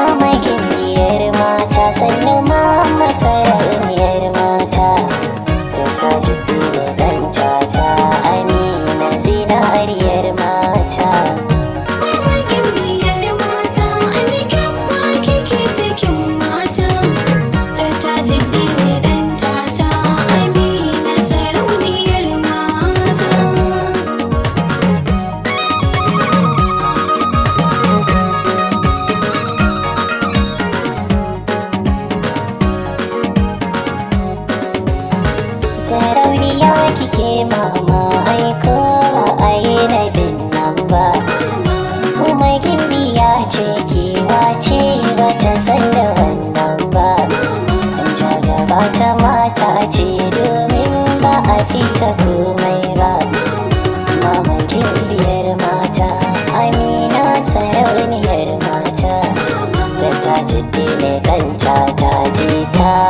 Gracias. bata mata ce domin ba a fita komai ba maman gimbiyar mata amina sarauniyar mata da ta ji dele ɗanta ta je ta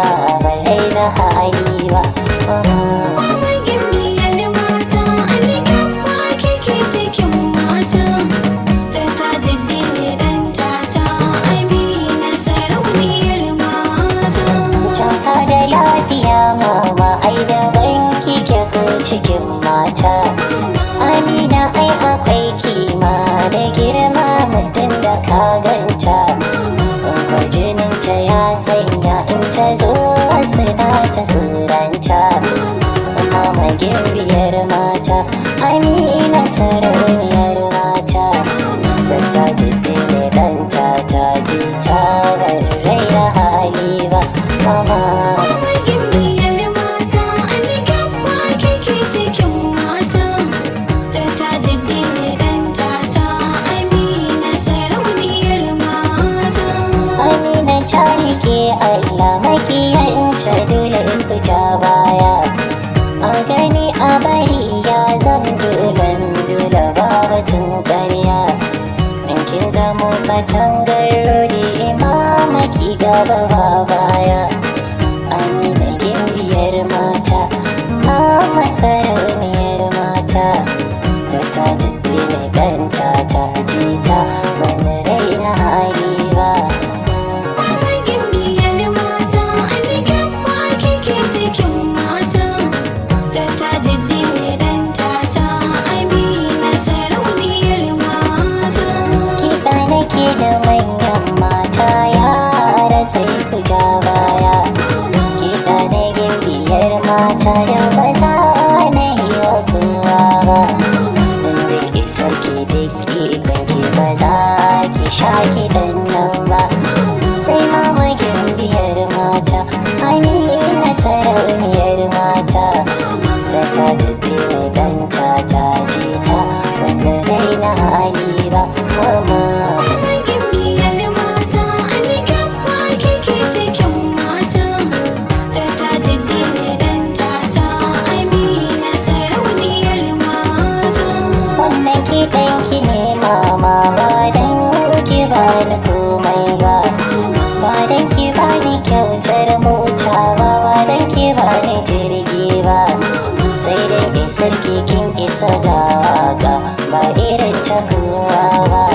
ma mata amina sarauniya gaba ba baya amina gimbiyar mata mama sarauniyar mata ta ta jikin ta ta ranki duk ikonki ba za ki sha kiɗan nan ba sai mama biyar mata na sarauniya sarki kin isa ga ba irin takuwa ba